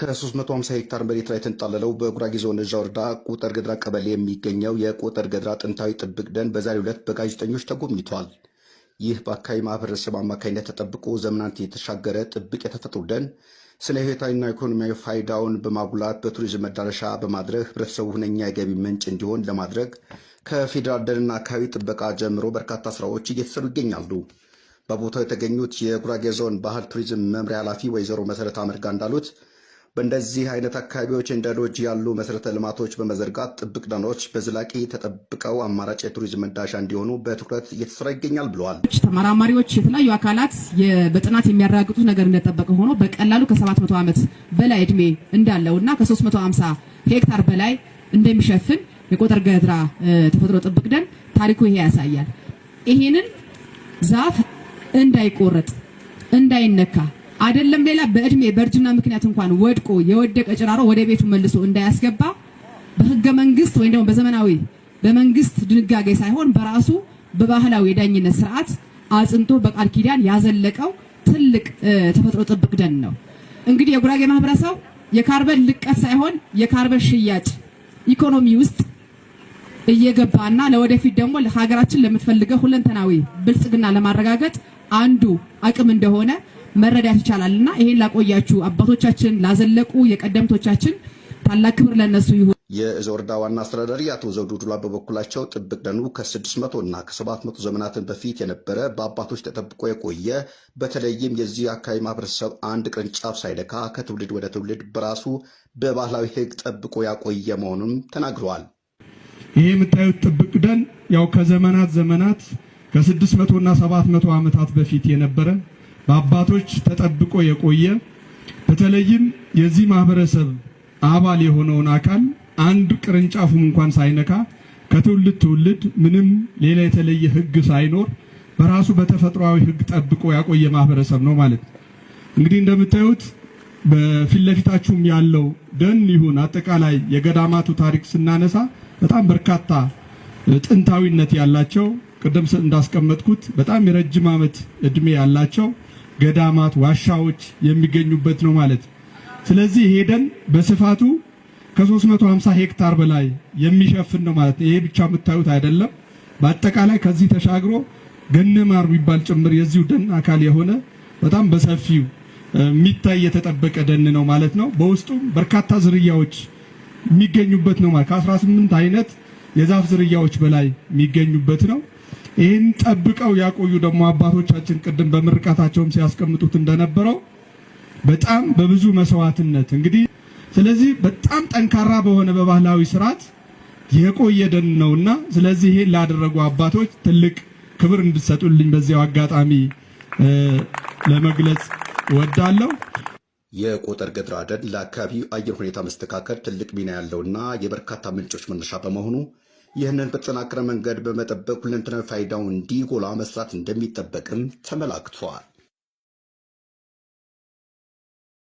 ከ350 ሄክታር መሬት ላይ የተንጣለለው በጉራጌ ዞን እዣ ወረዳ ቁጥር ገድራ ቀበሌ የሚገኘው የቁጠር ገድራ ጥንታዊ ጥብቅ ደን በዛሬው ዕለት በጋዜጠኞች ተጎብኝቷል። ይህ በአካባቢ ማህበረሰብ አማካኝነት ተጠብቆ ዘመናት የተሻገረ ጥብቅ የተፈጥሮ ደን ስለ ህይወታዊና ኢኮኖሚያዊ ፋይዳውን በማጉላት በቱሪዝም መዳረሻ በማድረግ ህብረተሰቡ ሁነኛ የገቢ ምንጭ እንዲሆን ለማድረግ ከፌዴራል ደንና አካባቢ ጥበቃ ጀምሮ በርካታ ስራዎች እየተሰሩ ይገኛሉ። በቦታው የተገኙት የጉራጌ ዞን ባህል ቱሪዝም መምሪያ ኃላፊ ወይዘሮ መሰረት አመርጋ እንዳሉት በእንደዚህ አይነት አካባቢዎች እንደ ሎጅ ያሉ መሰረተ ልማቶች በመዘርጋት ጥብቅ ደኖች በዘላቂ ተጠብቀው አማራጭ የቱሪዝም መዳረሻ እንዲሆኑ በትኩረት እየተሰራ ይገኛል ብለዋል። ተመራማሪዎች፣ የተለያዩ አካላት በጥናት የሚያረጋግጡት ነገር እንደጠበቀ ሆኖ በቀላሉ ከ700 ዓመት በላይ እድሜ እንዳለው እና ከ350 ሄክታር በላይ እንደሚሸፍን የቆጠር ገድራ ተፈጥሮ ጥብቅ ደን ታሪኩ ይሄ ያሳያል። ይሄንን ዛፍ እንዳይቆረጥ እንዳይነካ አይደለም ሌላ በእድሜ በእርጅና ምክንያት እንኳን ወድቆ የወደቀ ጭራሮ ወደ ቤቱ መልሶ እንዳያስገባ በህገ መንግስት ወይም ደግሞ በዘመናዊ በመንግስት ድንጋጌ ሳይሆን በራሱ በባህላዊ የዳኝነት ስርዓት አጽንቶ በቃል ኪዳን ያዘለቀው ትልቅ ተፈጥሮ ጥብቅ ደን ነው። እንግዲህ የጉራጌ ማህበረሰብ የካርበን ልቀት ሳይሆን የካርበን ሽያጭ ኢኮኖሚ ውስጥ እየገባና ለወደፊት ደግሞ ለሀገራችን ለምትፈልገው ሁለንተናዊ ብልጽግና ለማረጋገጥ አንዱ አቅም እንደሆነ መረዳት ይቻላል እና ይሄን ላቆያችሁ አባቶቻችን ላዘለቁ የቀደምቶቻችን ታላቅ ክብር ለነሱ ይሁን። የዞርዳ ዋና አስተዳዳሪ አቶ ዘውዱ ዱላ በበኩላቸው ጥብቅ ደኑ ከ600 እና ከ700 ዘመናትን በፊት የነበረ በአባቶች ተጠብቆ የቆየ በተለይም የዚህ አካባቢ ማህበረሰብ አንድ ቅርንጫፍ ሳይለካ ከትውልድ ወደ ትውልድ በራሱ በባህላዊ ሕግ ጠብቆ ያቆየ መሆኑን ተናግረዋል። ይህ የምታዩት ጥብቅ ደን ያው ከዘመናት ዘመናት ከ600 እና 700 ዓመታት በፊት የነበረ በአባቶች ተጠብቆ የቆየ በተለይም የዚህ ማህበረሰብ አባል የሆነውን አካል አንድ ቅርንጫፉም እንኳን ሳይነካ ከትውልድ ትውልድ ምንም ሌላ የተለየ ህግ ሳይኖር በራሱ በተፈጥሯዊ ህግ ጠብቆ ያቆየ ማህበረሰብ ነው ማለት ነው። እንግዲህ እንደምታዩት በፊት ለፊታችሁም ያለው ደን ይሁን አጠቃላይ የገዳማቱ ታሪክ ስናነሳ በጣም በርካታ ጥንታዊነት ያላቸው ቅድም እንዳስቀመጥኩት በጣም የረጅም ዓመት እድሜ ያላቸው ገዳማት፣ ዋሻዎች የሚገኙበት ነው ማለት። ስለዚህ ሄደን በስፋቱ ከ350 ሄክታር በላይ የሚሸፍን ነው ማለት። ይሄ ብቻ የምታዩት አይደለም። በአጠቃላይ ከዚህ ተሻግሮ ገነማር የሚባል ጭምር የዚሁ ደን አካል የሆነ በጣም በሰፊው የሚታይ የተጠበቀ ደን ነው ማለት ነው። በውስጡም በርካታ ዝርያዎች የሚገኙበት ነው ማለት ከ18 አይነት የዛፍ ዝርያዎች በላይ የሚገኙበት ነው። ይህን ጠብቀው ያቆዩ ደግሞ አባቶቻችን ቅድም በምርቃታቸውም ሲያስቀምጡት እንደነበረው በጣም በብዙ መስዋዕትነት እንግዲህ ስለዚህ በጣም ጠንካራ በሆነ በባህላዊ ስርዓት የቆየ ደን ነውና ስለዚህ ይህን ላደረጉ አባቶች ትልቅ ክብር እንድትሰጡልኝ በዚያው አጋጣሚ ለመግለጽ ወዳለሁ። የቆጠር ገድራ ደን ለአካባቢው አየር ሁኔታ መስተካከል ትልቅ ሚና ያለውና የበርካታ ምንጮች መነሻ በመሆኑ ይህንን በተጠናከረ መንገድ በመጠበቅ ሁለንተናዊ ፋይዳው እንዲጎላ መስራት እንደሚጠበቅም ተመላክቷል።